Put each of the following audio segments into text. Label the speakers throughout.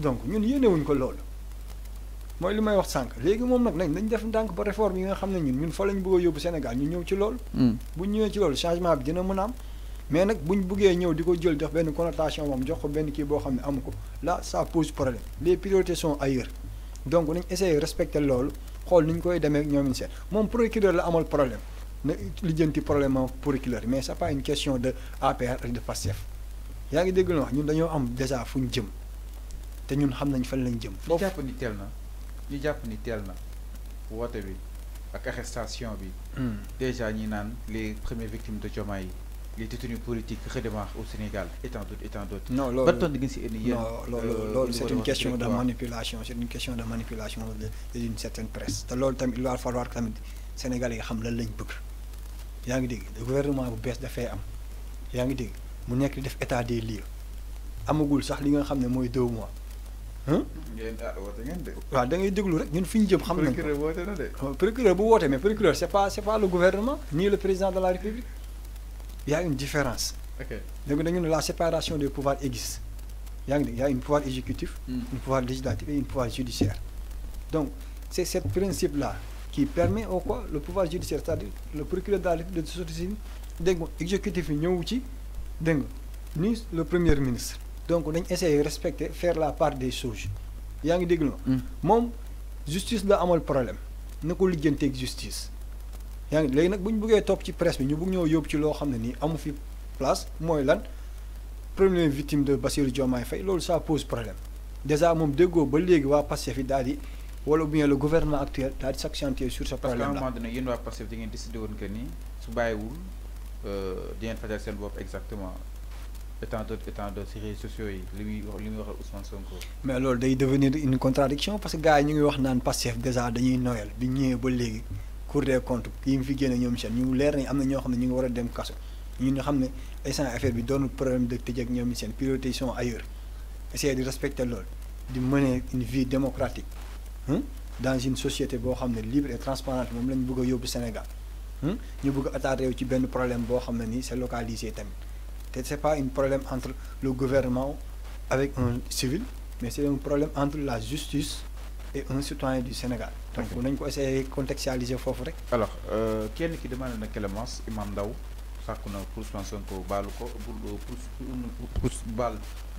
Speaker 1: donc ñun yéenewuñ ko loolu mooy li may wax sànq nañ def ba réforme yi nga xam ñun ñun lañ Sénégal ñu ñëw ci loolu mm. changement bi dina mais nag buñ jël connotation là ça pose problème les priorités sont ailleurs donc nañ essayer respecter loolu xool koy procureur la problème na lijjanti problème procureur mais pas une question de APR de PASTEF yaa ngi dégg wax ñun déjà jëm te ñun xam nañ lañ jëm. ñu ni ñu ni
Speaker 2: hmm. déjà ñi les premières victimes de Diomaye yi les détenus politiques au Sénégal d'autres d'autres. non non euh, c'est une question de
Speaker 1: manipulation c'est une question de manipulation de d'une certaine presse te il va falloir tamit Sénégalais yi xam lan lañ bëgg gouvernement bu am mu nekk def état sax li nga deux mois. Hein?
Speaker 2: Ah, procureur
Speaker 1: procureur c'est pas pas le gouvernement ni le président de la république il y a une différence la séparation des pouvoirs existe il y a un pouvoir exécutif hmm. un pouvoir législatif et une pouvoir judiciaire donc c'est ce principe là qui permet au quoi le pouvoir judiciaire c'est-à-dire le procureur de la République de sous l'exécutif, exécutif ni le premier ministre donc dañ de respecter faire la part des choses yaa ngi déglu ma mm. justice da amul problème na ko lijjanteeg justice yaa ngi léegi nag bu ñu ci presse bi ñu bëgg ñoo yob ci lo xamné ni amu fi place moy lan première victime de Bassirou Diomaye Faye loolu ça pose problème déjà mom dégo, ba légui wa passé fi dali wala bien le gouvernement actuel daal di s'accentuer sur ce problème là parce qu'à un
Speaker 2: moment donné yéen waa Pastef da ngeen décidé woon que ni su bàyyiwul euh, di ngeen fajal seen bop exactement étant de étant de si réseaux sociaux lui lui wax Ousmane Sonko.
Speaker 1: mais lool day devenir une contradiction parce que gars yi ñu ngi wax naan Pastef déjà dañuy noyal bi ñëwee ba légui Cour des comptes kii fi génne ñom seen ñu leer ni amna ño ñoo ñi ngi wara a dem kaso ñu nga xam ne instant affaire bi doon problème de tëj ak ñoom seen priorité sont ailleurs essayer de respecter lool di mener une vie démocratique hein, dans une société bo xam libre et transparente moom lañ bëgg a yóbbu Sénégal hein. ñu bëgg a attaqué ci benn problème bo xam ne c'est localisé tamit. Ce n'est pas un problème entre le gouvernement avec un civil, mais c'est un problème entre la justice et un citoyen du Sénégal. Donc, on a essayer de contextualiser.
Speaker 2: Alors, euh, qui est qui demande une clémence, Imam Daou sàkku na pour Ousmane Sonko baalu ko pour pour Bal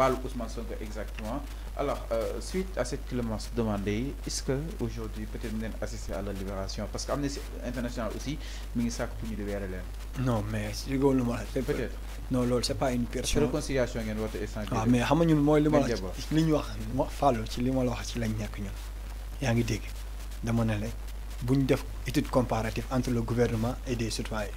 Speaker 2: baalu Ousmane Sonko exactement alors euh, suite à cette clémence demandée est-ce que aujourd'hui peut-être nous assister à la libération parce que International aussi mi ngi sàkku pour ñu libérer non mais si góor lu ma c'est peut-être non loolu c'est pas une personne. réconciliation ngeen woote échange. Ah, mais xam nga ñun mooy li ma la
Speaker 1: li ñu wax ma fàllu ci li ma la wax ci lañ nekk ñun. yaa ngi dégg dama ne la def étude comparative entre le gouvernement et des citoyens.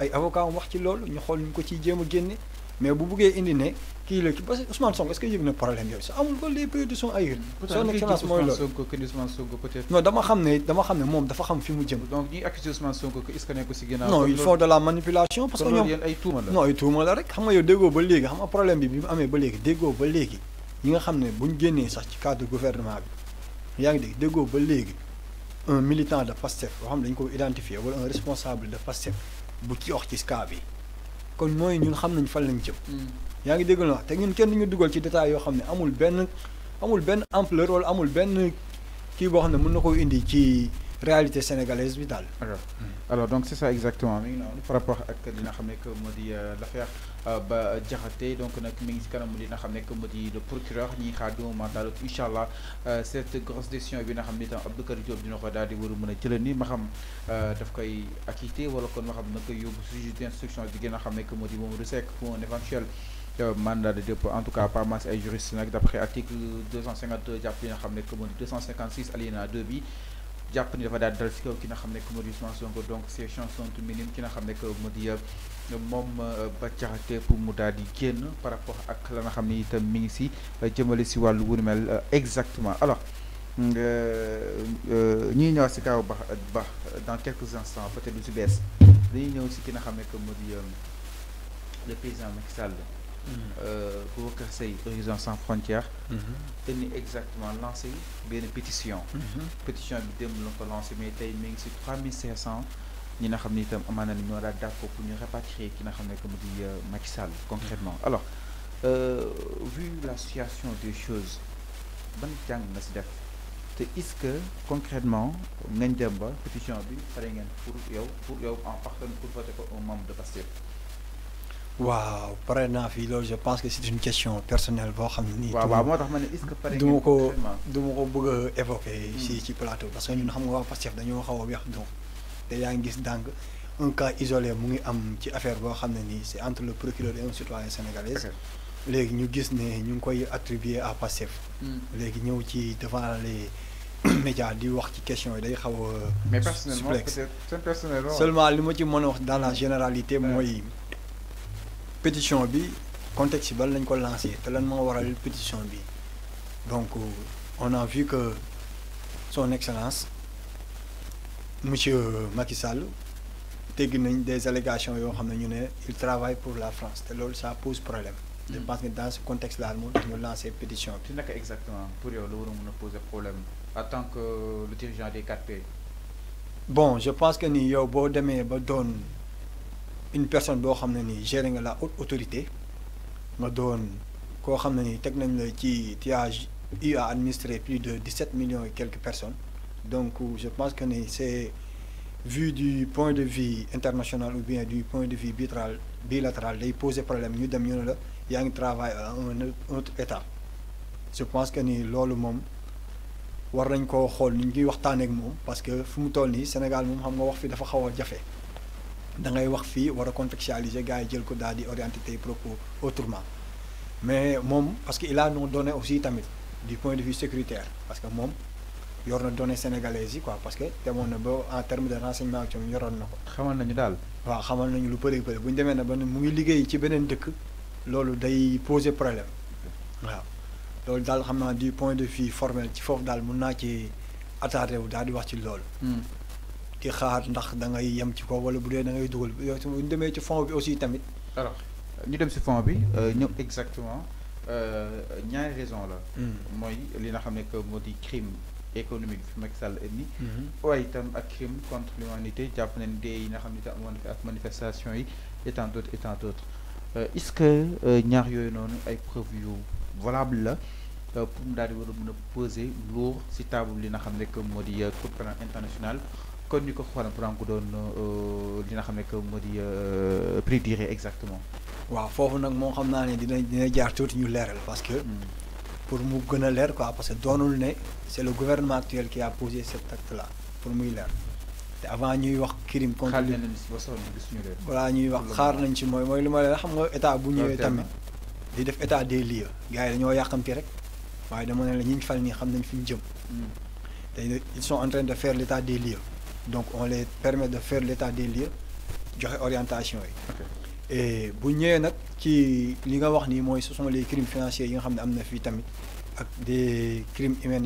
Speaker 1: ay avocat wax ci loolu ñu xol ñu ko ci jéem a génne mais bu buggee indi ne kii la parce que Ousmane Sonko est-ce que yëg na problème yooyu sa amul ko les priorités sont ailleurs. son excellence mooy loolu non dama xam ne dama xam ne moom dafa xam fi mu jëm. donc ñuy accuser Ousmane Sonko que est-ce que nekk ci ginnaaw. non ils font de la manipulation. parce que ñoom ay tuuma la non ay tuuma la rek xam nga yow déggoo ba léegi xam nga problème bi bi mu amee ba léegi déggoo ba léegi yi nga xam ne buñ génnee sax ci cadre gouvernement bi yaa ngi dégg déggoo ba léegi un militant de PASTEF boo xam dañ ko identifié wala un responsable de PASTEF bu ci wax ci cas bi kon mooy ñun xam nañ fan lañ cëp hmm. yaa ngi dégg la wax te ñun kenn ñu dugal ci détail yoo xam ne amul benn amul benn ampleur wala amul benn kii boo xam ne mën na koo indi ci réalité sénégalaise bi daal. alors hmm. alors donc c'est ça exactement mi ngi par rapport ak li nga xam
Speaker 2: ne que moo di euh, l' affaire euh, Bah donc nak mi ngi si kanam li nga xam que moo di le procureur ñi xadu du moment daal cette grosse décision bi nga xam ne abdou kar Diop dina ko daal di war a mën ni ma xam euh, daf koy acquitter wala kon ma xam nak koy yóbbu juge d' instruction di gëna a xam ne que moo di moom resec pour un éventuel. mandat de dépôt en tout cas par masse et juriste nag d' article 252 japp li nga xam que moo di 256 alinéa 2 bi jàpp ni dafa daal dal si kaw ki que donc ces chansons tout minime ki n'a que je euh, euh, ba pour mu par rapport ak la nga xam ne itam si euh, si wàllu exactement alors ñuy si kaw dans quelques instants peut-être que si bees dañuy ñëw si ki nga xam ne que le président Macky euh, pour Boubacar Seye Horizon sans frontières mhm. Tenu exactement lancé une pétition mhm. pétition de été la mais tay mi ngi si trois mille cinq cent ñi nga xam ni pour ñu rapatrier ki nga xam ne di euh, Macky concrètement mhm. alors euh, vu la situation des choses ban jàng nga ci def te est-ce
Speaker 1: que concrètement ngañ dem ba pétition
Speaker 2: bi paré ngeen pour yow pour yow en partant
Speaker 1: pour voter ko un membre de waaw pare naa fii je pense que c'est une question personnelle boo xam ne nii. waaw waaw moo ne est-ce que pare du ma ko du ko bëgg évoquer. ci hmm. ci plateau parce que ñun xam nga waa Pastef dañoo xaw a weex donc te yaa ngi gis dànk un cas isolé mu ngi am ci affaire boo xam ne c'est entre le procureur et un citoyen sénégalais. léegi ñu gis ne ñu ngi koy attribuer à Pastef. Hmm. léegi ñëw ci devant les. médias, di wax ci question yi day xaw mais personnellement
Speaker 2: peut-être seulement
Speaker 1: li ma ci mën wax dans la généralité mooy pétition bi contexte bal lañ ko lancé té lan waral pétition bi donc euh, on a vu que son excellence monsieur Macky Sall des allégations yo xamné ñu il travaille pour la France té ça pose problème. je mm. pense que dans ce contexte là nous avons lancé lancer pétition
Speaker 2: tu exactement pour yo lo war a poser problème en tant que le dirigeant des 4P.
Speaker 1: bon je pense que ni yo bo démé ba une personne bo xamné ni géré la haute autorité nga donne ko xamné ni nañ la ci administrer plus de 17 millions et quelques personnes donc je pense que c'est vu du point de vue international ou bien du point de vue bilatéral bilatéral day poser problème ñu dem ñu travail à un autre état je pense que ni lolu mom war nañ ko xol ngi ak mom parce que fu mu toll ni Sénégal mom xam nga wax fi dafa da ngay wax fii war contextualiser gars yi jël ko daal di orienter tes propos autrement mais moom parce que il a nous donné aussi tamit du point de vue sécuritaire parce que moom yor na données sénégalaises yi quoi parce que demoon na ba en terme de renseignement ak ñoom yoroon na ko. xamal nañu daal. waaw xamal nañu lu bëri bëri bu ñu demee na ba mu ngi liggéey ci beneen dëkk loolu day poser problème waaw loolu daal xam naa du point de vue formel ci foofu daal mun naa ci attardé wu daal di wax ci loolu. Hmm di xaar ndax da ngay yem ci ko wala bu dee da ngay dugal yooyu ñu demee ci fond bi aussi tamit. alors ñu dem si fond bi euh, ñëw exactement
Speaker 2: euh, ñaari raison la. Hmm. mooy li nga xam ne que moo di crime économique bi Macky Sall indi. Hmm. waaye itam ak crime contre l'humanité jàpp nañ dee yi nga xam ne te amoon ak manifestation yi et tant d'autres et tant d'autres euh, est-ce que ñaar yooyu noonu ay preuves yu valable la. pour mu daal di war a mën a poser lourd si table li nga xam ne que moo di Cour pénale kon ñu ko xolam pour am ko doon euh, li nga xam ne que moo di euh, prédire exactement.
Speaker 1: waaw fofu nak mo xamna naa ne dina dina jaar tout ñu leeral parce que. Mm. pour mu gëna lèr quoi parce que donul ne c'est le gouvernement actuel qui a posé cet acte là pour muy lèr té avant ñuy wax crime contre. xaar nañ si ba sonn gisuñu leen. voilà ñuy wax xaar nañ ci moy moy luma ma xam nga état bu ñëwé tamit. di def état des lieux gars yi dañoo yàqamti rek waaye dama ne la ñi fal ni xam nañ fi jëm. Mm. te ils sont en train de faire l'état des lieux donc on les permet de faire l'état des lieux de orientation et bu ñëwee nak ci li ce sont les crimes financiers yi nga xamné amna des crimes humains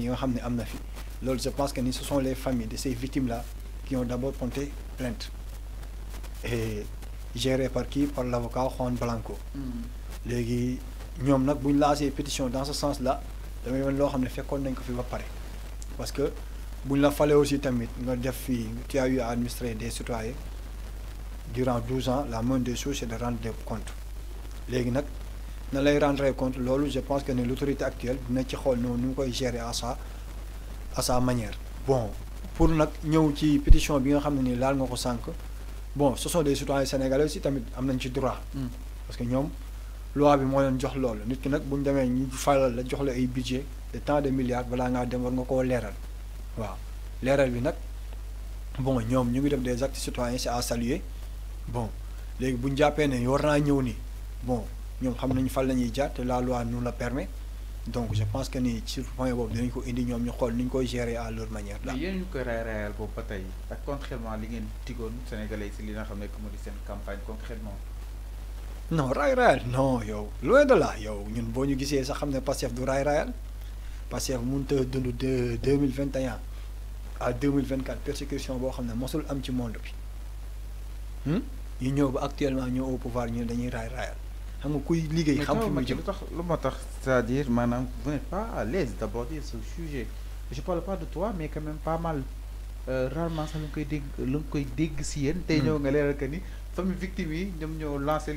Speaker 1: je pense que ce sont les familles de ces victimes là qui ont d'abord porté plainte et géré par qui par l'avocat Juan Blanco. Nous hmm. nous nag bu ñu pétition dans ce sens là nous ñu lo xamné ne nañ ko parce que il ñu la aussi tamit nga def qui tu as eu à administrer des citoyens durant 12 ans la moindre des choses c'est de rendre des comptes les nag na lay rendre compte loolu je pense que les l'autorité actuelle ne ci xool noonu gérer à ça à sa manière bon pour nag qui ci pétition bi nga xam ne ni nga bon ce sont des citoyens sénégalais aussi tamit am du ci droit hmm. parce que ñoom loi bi moo leen jox l'eau nit nak nag bu ñu demee ñu falal la jox la ay budget de temps de milliards voilà nous dem war nga waaw leeral bi nag bon ñoom ñu ngi def des actes citoyens c'est à saluer bon léegi buñ ñu jàppee ne war naa ñëw ni bon ñoom xam nañu fal la ñuy jaar te la loi nous la permet donc je pense que ni ci point boobu dinañ ko indi ñoom ñu xool ni ñu koy gérer à leur manière. là mais
Speaker 2: yéen ñu koy raay raayal boobu ba tey ak concrètement li ngeen diggoon sénégalais si li nga xam ne que moo di seen campagne concrètement
Speaker 1: non raay raayal non yow loin de là yow ñun boo ñu gisee sax xam ne Pastef du raay raayal. Pastef mënut a de deux 2021 à 2024 persécution bo xam mosul am ci monde bi hmm? ñu ñëw ba actuellement ñoo au pouvoir ñu dañuy raay raayal xam nga kuy liggéey. xam fi mu jëm tax
Speaker 2: lu ma tax c'est-à-dire manam vous n'êtes pas à l'aise d'aborder ce sujet je parle pas de toi mais quand même pas mal euh, rarement sax lu nga koy dégg lu koy dégg si yéen. tey hmm. ñëw nga leral que ni famille victime yi ñoom ñoo lancer